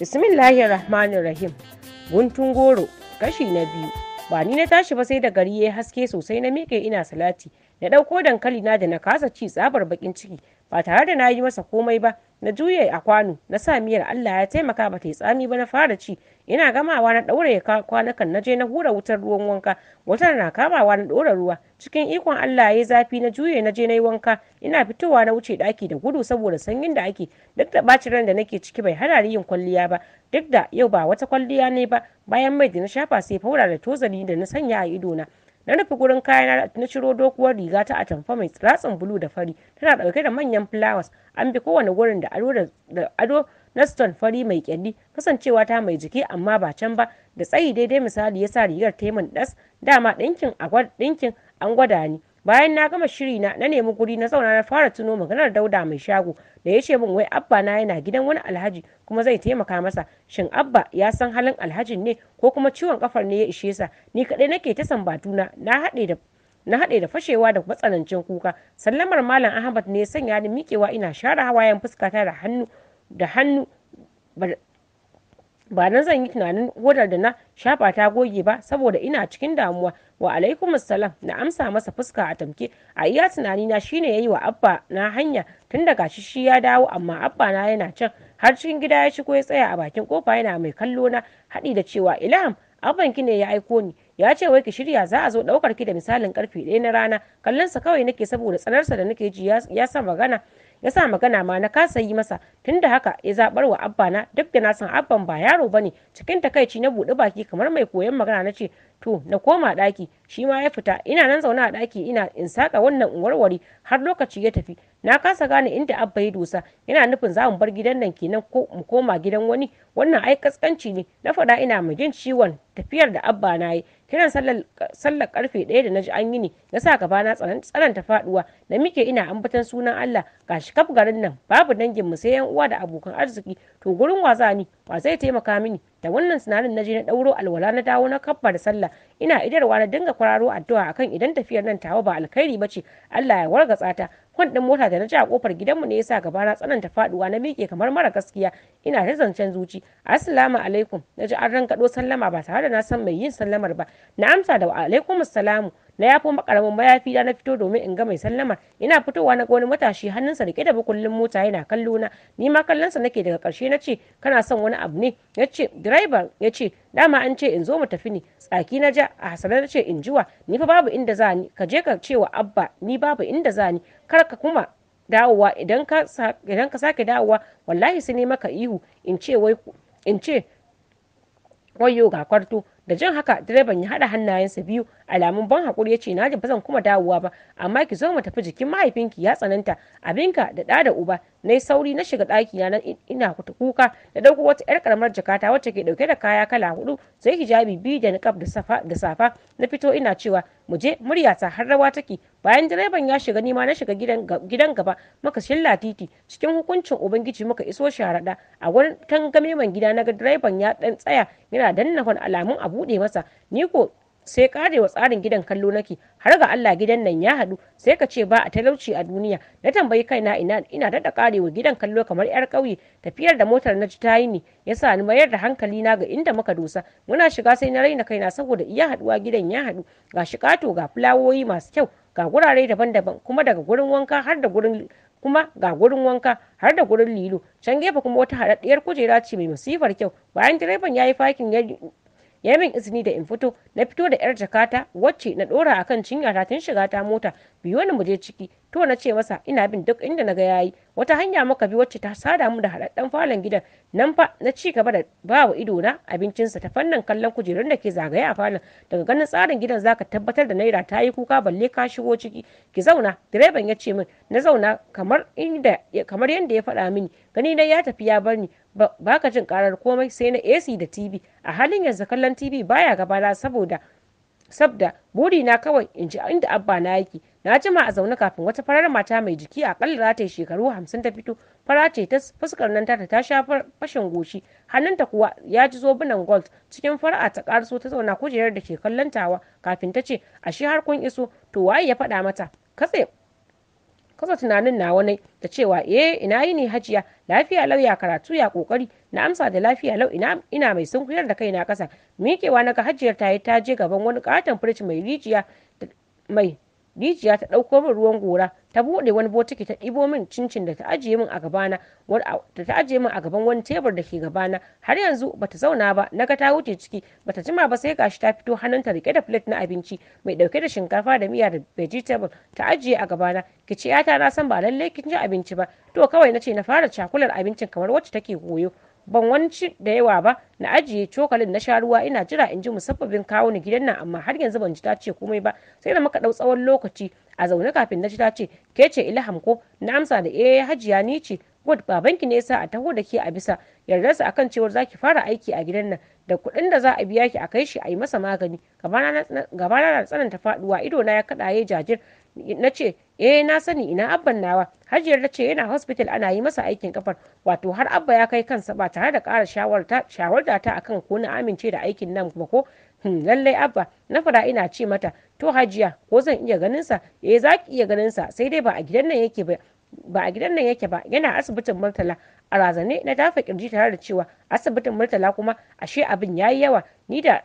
bismillahir rahmanir rahim guntun goro kashi na biyu ba ni na tashi ba sai da gari ya haske sosai na miƙe ina salati na ɗauko dankali na da na kasa ci tsabar bakin ciki ba tare da na yi masa komai ba na juye a kwano na sa miyar Allah ya taimaka ba ta yi tsami ba na fara ci ina gamawa na ɗaure kwanukan na je na hura wutar ruwan wanka wutar na kamawa na ɗora ruwa cikin ikon Allah ya zafi na juye na je na yi wanka ina fitowa na wuce ɗaki da gudu saboda sanyin da ake duk da ɓacin ran da nake ciki bai hana yin kwalliya ba duk da yau ba wata kwalliya ne ba bayan mai da na shafa sai faura da tozali da na sanya a idona na nufi gurin kayana na ciro dokuwar riga ta atamfa mai ratsin bulu da fari tana dauke da manyan flowers an bi kowane gurin da ado na stone fari mai kyalli kasancewa ta mai jiki amma ba can ba da tsayi daidai misali ya sa rigar ta yi ɗas dama ɗinkin an gwada ni bayan na gama shiri na na nemi guri na zauna na fara tuno maganar dauda mai shago da ya ce min wai abba na yana gidan wani alhaji kuma zai taimaka masa shin abba ya san halin alhajin ne ko kuma ciwon kafar ne ya ishe sa ni kadai nake ta sambatuna na haɗe da na haɗe da fashewa da matsanancin kuka sallamar malam ahmad ne ya sanya ni mikewa ina share hawayen fuskata da hannu da hannu ba na zan yi tunanin hodar da na shafa ta goge ba saboda ina cikin damuwa wa alaikum salam na amsa masa fuska a tamke a iya tunani na shine yayi wa abba na hanya tun daga shi shi ya dawo amma abba na yana can har cikin gida ya shigo ya tsaya a bakin kofa yana mai kallo na haɗi da cewa ilham abban ki ne ya aiko ni ya ce wai ki shirya za a zo ɗaukar ki da misalin karfe ɗaya na rana kallon sa kawai nake saboda tsanarsa da nake ji ya sa magana ya sa magana ma na kasa yi masa tun da haka ya zabar wa abba na duk da na san abban ba yaro bane cikin takaici na buɗe baki kamar mai koyon magana na ce to na koma ɗaki shi ma ya fita ina nan zaune a ɗaki ina in saka wannan in warware har lokaci ya tafi na kasa gane inda abba ya dosa Ina nufin za mu bar gidan nan kenan ko mu koma gidan wani wannan ai kaskanci ne na faɗa ina mu jin ciwon tafiyar da abba na yi kiran sallar karfe ɗaya da na ji an yi ne ya sa gaba na tsananta faɗuwa da muke ina ambaton sunan Allah gashi kaf garin nan babu dangin mu sai yan uwa da abokan arziki to gurin za ni wa zai taimaka mini da wannan tunanin na je na ɗauro alwala na dawo na da sallah ina idarwa na dinga kwararo addu'a akan idan tafiyar nan tawa ba alkhairi bace Allah ya wargatsa ta kwan din mota da na ji a kofar gidanmu ne yasa gaba na tsananta faduwa na mike kamar mara gaskiya ina ta zancen zuci assalamu alaikum na ji an rankado sallama ba tare da na san mai yin sallamar ba na amsa da alaikum assalamu na yafo makaramin mayafi da na fito domin in ga mai sallama ina fitowa na wani matashi hannunsa rike da bukullin mota yana kallo na ni ma kallonsa nake daga karshe na ce kana son wani abu ne ya ce direban ya ce dama an ce in zo mu tafi ne tsaki na ja a hasalar ce in jiwa ni fa babu inda za ni ka je ka cewa abba ni babu inda za ni kar ka kuma dawowa idan ka sake dawowa wallahi sai ne maka ihu in ce wai in ce wayo ga kwarto da jin haka direban ya haɗa hannayensa biyu alamun ban hakuri ya ce na ji ba zan kuma dawowa ba amma ki zo mu tafi jikin mahaifinki ya tsananta abinka da ɗa da uba na yi sauri na shiga ɗaki na nan ina kuka da ɗauko wata 'yar karamar jakata wacce ke ɗauke da kaya kala hudu sai hijabi biyu da niƙaf da safa na fito ina cewa mu je muryata har rawa take bayan direban ya shiga nima na shiga gidan gaba muka shilla titi cikin hukuncin ubangiji muka iso sharaɗa a wurin tangame man gida na ga direban ya dan tsaya yana danna alamun a buɗe masa ni ko sai karewa tsarin gidan kallo nake har ga Allah gidan nan ya haɗu sai ka ce ba a talauci a duniya na tambayi kaina ina ina daɗa karewa gidan kallo kamar yar ƙauye tafiyar da motar na ji tayi ne yasa ni mayar da hankali na ga inda muka dosa muna shiga sai na raina kaina saboda iya haɗuwa gidan ya haɗu ga shi kato ga fulawoyi masu kyau ga gurare daban-daban kuma daga gurin wanka har da gurin kuma ga gurin wanka har da gurin lilo can gefe kuma wata haɗaɗɗiyar kujera ce mai masifar kyau bayan direban ya yi fakin ya min izini da in fito na fito da yar jakata wacce na dora kan cinya ta tun shiga ta mota biyo ni mu je ciki to na ce masa ina bin duk inda na ga yayi wata hanya muka bi wacce ta sada mu da haɗaɗɗen falon gidan nan fa na ci gaba da bawa ido na abincinsa ta fannin kallon kujerun da ke zagaye a falon daga ganin tsarin gidan zaka tabbatar da naira ta yi kuka balle ka shigo ciki ki zauna direban ya ce min na zauna kamar inda kamar yadda ya faɗa mini gani na ya tafi ya bar ni ba ka jin karar komai sai na AC da TV a halin yanzu kallon TV baya gabara saboda sabda buri na kawai in ji inda abba na yake na jima a zaune kafin wata farar mata mai jiki a za ta yi shekaru hamsin ta fito fara ce ta fuskar nan tata ta sha fashin goshi hannunta kuwa ya ji zobunan gold cikin far'a ta karso ta zauna kujerar da ke kallon tawa kafin ta ce ashe har kun iso to waye ya faɗa mata katse kasa tunanin nawa wani da cewa eh ina yi yini hajiya lafiya lau ya karatu ya kokari na amsa da lafiya lau ina, ina mai sunkuyar da kaina kasa mikewa na ga hajiyar ta ta je gaban wani katon firij mai rijiya mai rijiya ta ɗauko min ruwan gora ta buɗe wani botiki ta ɗibo min cincin da ta ajiye min a gabana da ta ajiye min a gaban wani tebur da ke gabana har yanzu bata zauna ba naga ta wuce ciki bata jima ba sai gashi ta fito hannunta rike da plate na abinci mai ɗauke da shinkafa da miya da vegetable ta ajiye a gabana ki ce yata na san ba lallai kin ci abinci ba to kawai na ce na fara cakular abincin kamar wacce take koyo ban wani ci da yawa ba na ajiye cokalin na sha ruwa ina jira in ji musabbabin kawo ni gidan nan amma har yanzu ban ji ta ce komai ba sai da muka dau tsawon lokaci a zaune kafin na ji ta ce ke ce ilham ko na amsa da eh hajiya ni ce god babanki ne yasa a taho da ke a bisa yardarsa akan cewar zaki fara aiki a gidan nan da kuɗin da za a biya ki a kai shi a yi masa magani gabana na tsananta faduwa ido na ya kaɗaye jajir na ce eh na sani ina abban nawa hajiyar ta ce yana hospital ana yi masa aikin kafar wato har abba ya kai kansa ba tare da ƙara shawarta ta akan ko na amince da aikin nan ba ko hmm, lallai abba na fara ina ce mata to hajiya ko zan iya ganin sa eh za ki iya ganin sa sai dai ba a gidan nan yake ba ba a gidan nan yake ba yana asibitin murtala a razane na dafa kirji tare da cewa asibitin murtala kuma ashe abin yayi yawa ni da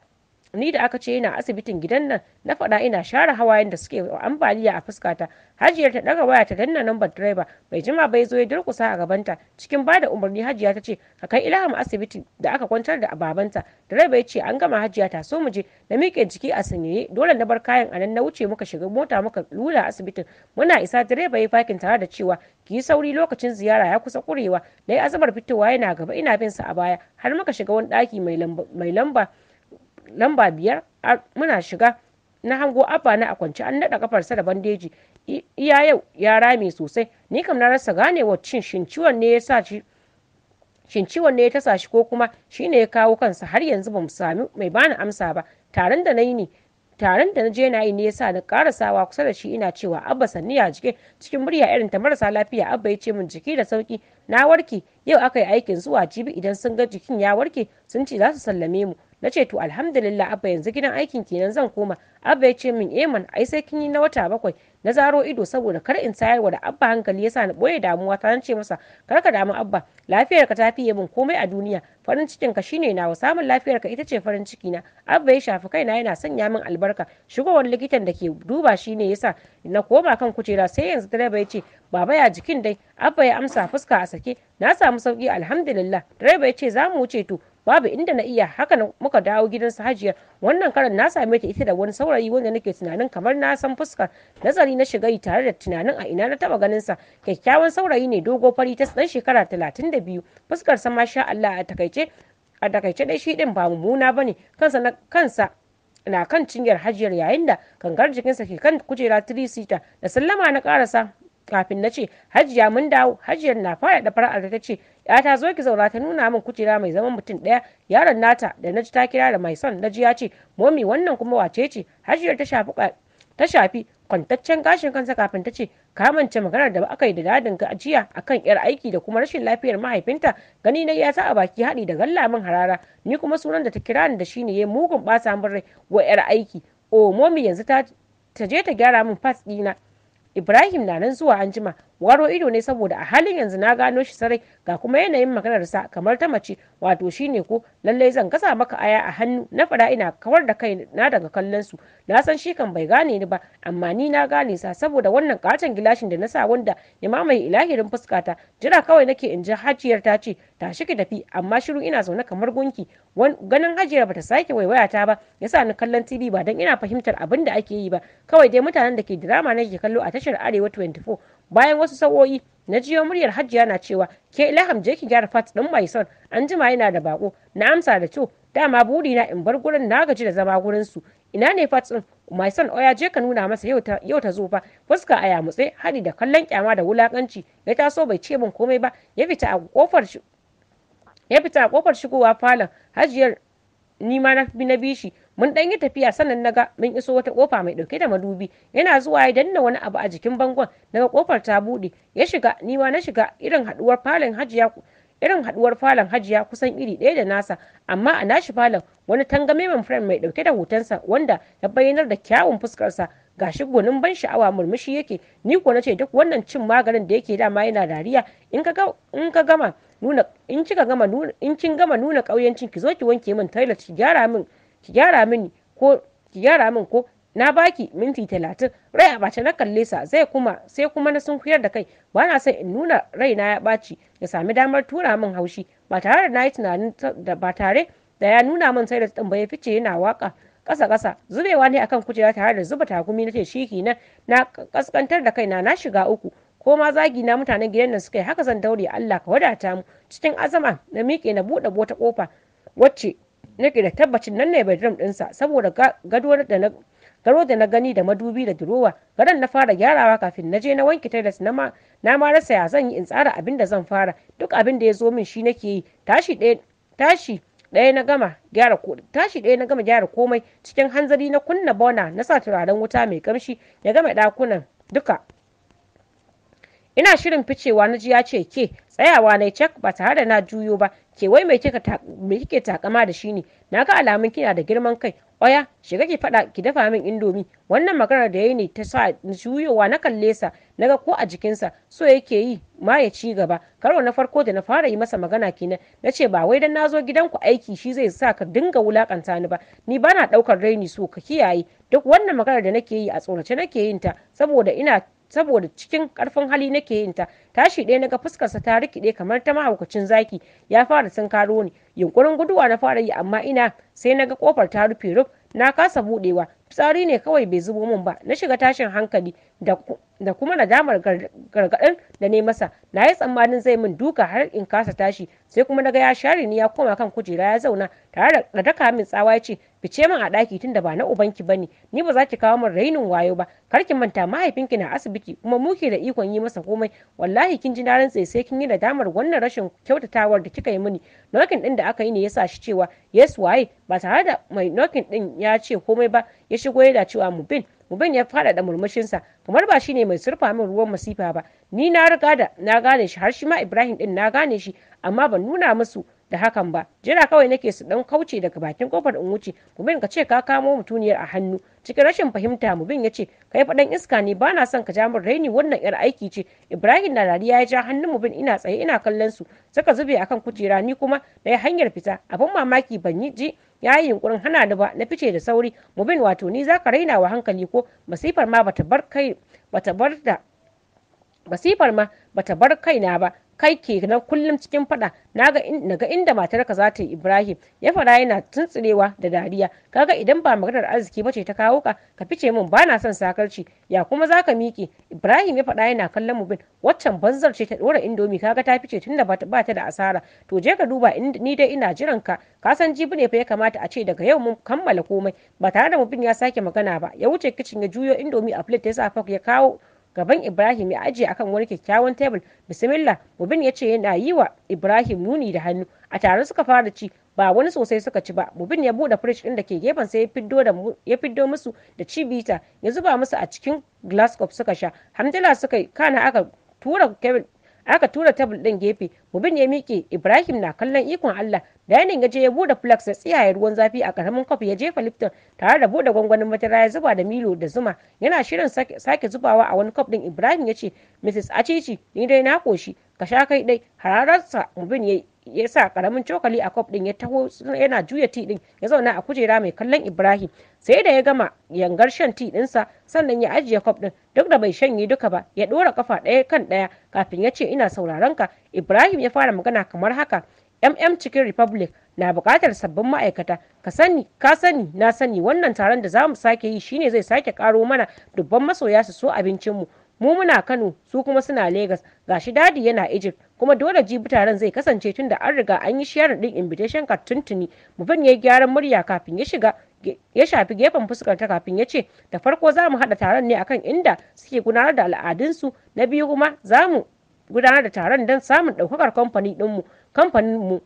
ni da aka ce yana asibitin gidan nan na faɗa ina share hawayen da suke ambaliya a fuskata hajiyar ta ɗaga waya ta danna lambar direba bai jima bai zo ya durkusa a gabanta cikin bada umarni hajiya ta ce ka kai ilham asibiti da aka kwantar da babanta direba ya ce an gama hajiya ta so mu je na miƙe jiki a sanyaye dole na bar kayan a nan na wuce muka shiga mota muka lula asibitin muna isa direba ya fakin tare da cewa ki yi sauri lokacin ziyara ya kusa kurewa na yi azabar fitowa yana gaba ina bin sa a baya har muka shiga wani ɗaki mai lamba lamba biyar muna shiga na hango abba na a kwance an naɗa kafarsa da bandeji iya yau ya rame sosai ni kam na rasa gane wa cin shin ne ya sa shi ne ya tasa shi ko kuma shi ne ya kawo kansa har yanzu ba mu sami mai bani amsa ba taron da na yi ne taron da na je na yi ne yasa na karasawa kusa da shi ina cewa abba sanni ya jike cikin murya irin ta marasa lafiya abba ya ce min jiki da sauki na warke yau aka yi aikin zuwa jibi idan sun ga jikin ya warke sun ce za su sallame mu na ce to alhamdulillah abba yanzu gidan aikin kenan zan koma abba ya ce min eh man ai sai kin yi na wata bakwai na zaro ido saboda kar in tayarwa da abba hankali yasa na boye damuwa ta ce masa kar ka damu abba lafiyar ka ta fiye min komai a duniya farin cikin ka shine nawa samun lafiyar ka ita ce farin ciki na abba ya shafi kaina yana sanya min albarka shigowar likitan da ke duba shine yasa na koma kan kujera sai yanzu direba ya ce baba ya jikin dai abba ya amsa fuska a sake na samu sauki alhamdulillah direba ya ce za mu wuce to babu inda na iya haka muka dawo gidan su hajiyar wannan karan na same ta ita da wani saurayi wanda nake tunanin kamar na san fuskar nazari na shiga tare da tunanin a ina na taba ganin sa kyakkyawan saurayi ne dogo fari ta dan shekara 32 fuskar sa masha Allah a takaice a takaice dai shi din ba mummuna bane kansa na kansa na kan cinyar hajiyar yayin da gangar jikinsa ke kan kujera 3 da sallama na karasa kafin na ce hajiya mun dawo hajiyar na faɗaɗa fara'ar ta ce yata zo ki zauna ta nuna min kujera mai zaman mutum ɗaya yaron nata da na ji ta kira da mai son na ji ya ce momi wannan kuma wace ce hajiyar ta shafi ta shafi kwantaccen gashin kansa kafin ta ce ka mance maganar da aka yi da dadin ka ajiya akan yar aiki da kuma rashin lafiyar mahaifinta gani na ya sa a baki haɗi da galla min harara ni kuma sunan da ta kira ni da shi ne ya mugun ɓata samun rai wa yar aiki o oh, momi yanzu ta ta je ta gyara min fas ɗina Ibrahim na nan zuwa anjima waro ido ne saboda a halin yanzu na gano shi sarai ga kuma yanayin maganarsa kamar ta mace wato shine ko lallai zan gasa maka aya a hannu na fara ina kawar da kai na daga kallon su na san shi kan bai gane ni ba amma ni na gane sa saboda wannan katon gilashin da na sa wanda ya mamaye ilahirin fuskata jira kawai nake in ji hajiyar ta ce tashi ki tafi amma shiru ina zaune kamar gunki ganin hajiyar bata sake waiwaya ta ba sa ni kallon tv ba dan ina fahimtar abin da ake yi ba kawai dai mutanen da ke drama nake kallo a tashar arewa 24 bayan wasu sa'o'i na jiyo muryar hajjiya na cewa ke ilham je ki gyara fat ɗin mai son an jima yana da bako na amsa da to dama buri na in bar gurin na gaji da zama gurin su ina ne fat ɗin mai son oya je ka nuna masa yau ta zo fa fuska a yamutse hadi da kallon kyama da wulakanci ya taso bai ce min komai ba ya fita a kofar ya fita a kofar shigowa falon hajiyar ni ma na bi na bishi mun dan yi tafiya sannan naga mun iso wata kofa mai dauke da madubi yana zuwa ya danna wani abu a jikin bangon daga kofar ta bude ya shiga ni ma na shiga irin haduwar falon hajiya irin haduwar falon hajiya kusan iri ɗaya da nasa amma a nashi falon wani tangameman frame mai dauke da hotonsa wanda ya bayyanar da kyawun fuskarsa gashi gonin ban sha'awa murmushi yake ni ko nace duk wannan cin maganin da yake dama yana dariya in ka in ka gama nuna in kika gama nuna in kin gama nuna kauyancin ki zo ki wanke min toilet ki gyara min ki gyara mini ko ki gyara min ko na baki minti talatin rai a bace na kalle sa zai kuma sai kuma na sunkuyar da kai ba na son in nuna rai na ya baci ya sami damar tura min haushi ba tare da na yi tunanin da ba tare da ya nuna min sai da tambaye fice yana waka ƙasa ƙasa zubewa ne akan kujera tare da zuba takumi na ce shi na na kaskantar da kaina na shiga uku ko ma zagi na mutanen gidan nan suka yi haka zan daure Allah ka wadata mu cikin azama na miƙe na buɗe bota ƙofa wacce nake da tabbacin nan ne bedroom dinsa saboda gado da na garo da na gani da madubi da durowa garan na fara gyarawa kafin na je na wanke tilas na ma na ma rasa ya zan yi in tsara abin da zan fara duk abin da ya zo min shi nake yi tashi ɗaya tashi ɗaya na gama gyara tashi ɗaya na gama gyara komai cikin hanzari na kunna bona na sa turaren wuta mai kamshi ya gama ɗakunan duka ina shirin ficewa na ji ya ce ke tsayawa na cak ba tare da na juyo ba ke wai me kike takama da shi ne na ga alamun kina da girman kai oya shiga ki faɗa ki dafa min indomi wannan maganar da yayi ne ta sa juyowa na kalle sa naga ko a jikin sa so yake yi ma ya ci gaba karo na farko da na fara yi masa magana kenan na ce ba wai dan nazo gidanku aiki shi zai sa ka dinga wulakanta ni ba ni bana daukar raini so ka kiyaye duk wannan maganar da nake yi a tsorace nake yin ta saboda ina saboda cikin karfin hali nake yin ta tashi ɗaya naga fuskarsa ta rikide kamar ta mahaukacin zaki ya fara tunkaro ni yunkurin guduwa na fara yi amma ina sai naga kofar ta rufe ruf na kasa budewa tsari ne kawai bai zubo min ba na shiga tashin hankali da da kuma nadamar gargaɗin da ne masa na yi tsammanin zai min duka har in kasa tashi sai kuma daga ya share ni ya koma kan kujera ya zauna tare da daka min tsawa ya ce fice min a daki tun da ba na ubanki bane ni ba za ki kawo min rainin wayo ba kar ki manta mahaifinki na asibiti kuma muke da ikon yi masa komai wallahi kin ji na rantse sai kin yi nadamar wannan rashin kyautatawar da kika yi mini nokin din da aka yi ne ya sa shi cewa yes waye ba tare da mai nokin din ya ce komai ba ya shigo ya yana cewa mu bin. uban ya faɗaɗa murmushinsa kamar ba shi ne mai surfa min ruwan masifa ba ni na riga da na gane shi har shi ma ibrahim din na gane shi amma ban nuna musu da hakan ba jira kawai nake su dan kauce daga bakin kofar in wuce mubin ka ce ka kamo mutuniyar a hannu cikin rashin fahimta mubin ya ce kai faɗan iska ne ba na son ka ja min raini wannan yar aiki ce ibrahim na dariya ya ja hannun mubin ina tsaye ina kallon su suka zube akan kujera ni kuma na hanyar fita abin mamaki ban yi ji ya yi yunkurin hana ni ba na fice da sauri mu bin wato ni zaka raina wa hankali ko masifar ma bata bar kai bata bar da masifar ma bata bar kaina ba kai ke na kullum cikin fada naga inda matarka za ta yi ibrahim ya fada yana tuntsirewa da dariya kaga idan ba maganar arziki ba ce ta kawo ka ka fice min ba na son sakarci ya kuma za ka miƙe ibrahim ya fada yana kallon mu bin. waccan banzar ce ta dora indomi kaga ta fice tunda ba ta da asara to je ka duba ni dai ina jiran ka ka san jibi ne fa ya kamata a ce daga yau mun kammala komai ba tare da mubin ya sake magana ba ya wuce kicin ya juyo indomi a plate ya sa ya kawo gaban ibrahim ya ajiye akan wani kyakkyawan tebul bismillah mubin ya ce yana yi wa ibrahim nuni da hannu a tare suka fara ci ba wani sosai suka ci ba mubin ya bude fridge din da ke gefen sai ya fiddo musu da cibita ya zuba musu a cikin glass cup suka sha hamdala suka kana aka tura aka tura tabul din gefe mubin ya miƙe ibrahim na kallon ikon allah dainin ya je ya bude flags ya tsiyaye ruwan zafi a karamin kwafi ya jefa lifton tare da bude gwangwanin matara ya zuba da milo da zuma yana shirin sake zubawa a wani kwaf din ibrahim ya ce mrs achichi ni dai na koshi ka sha kai dai hararsa mubin ya ya sa karamin cokali a kwaf din ya taho yana juya ti din ya zauna a kujera mai kallon ibrahim sai da ya gama yangar shan ti dinsa sannan ya ajiye kwaf din duk da bai shanye duka ba ya dora kafa ɗaya kan ɗaya kafin ya ce ina sauraron ka ibrahim ya fara magana kamar haka mm cikin republic na buƙatar sabbin ma'aikata ka sani ka sani na sani wannan taron da za mu sake yi shine zai sake karo mana dubban masoya su so abincinmu mu muna Kano su kuma suna Legas gashi dadi yana Egypt kuma dole jibi taron zai kasance tun da an riga an yi sharing din invitation card tuntuni mufin ya gyaran murya kafin ya shiga ya shafi gefen fuskar ta kafin ya ce da farko za mu haɗa taron ne akan inda suke gudanar da al'adunsu na biyu kuma za mu gudanar da taron don samun ɗaukakar kamfani ɗinmu kamfanin mu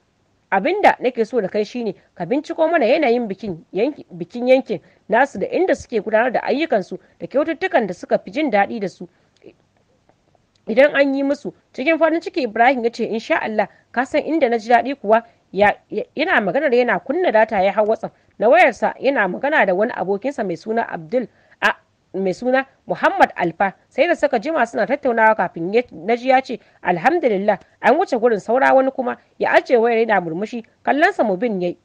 abinda nake so da kai shine ka binciko mana yanayin bikin yankin nasu da inda suke gudanar da ayyukansu da kyaututtukan da suka fi jin daɗi da su idan an yi musu cikin farin ciki ibrahim ya ce insha allah ka san inda na ji daɗi kuwa yana maganar yana kunna data ya hau watsam na wayarsa yana magana da wani abokinsa mai suna abdul mai suna Muhammad Alfa sai da suka jima suna tattaunawa kafin ji ya ce alhamdulillah an wuce gurin saura wani kuma ya ajiye wayar yana murmushi kallonsa mubin yayi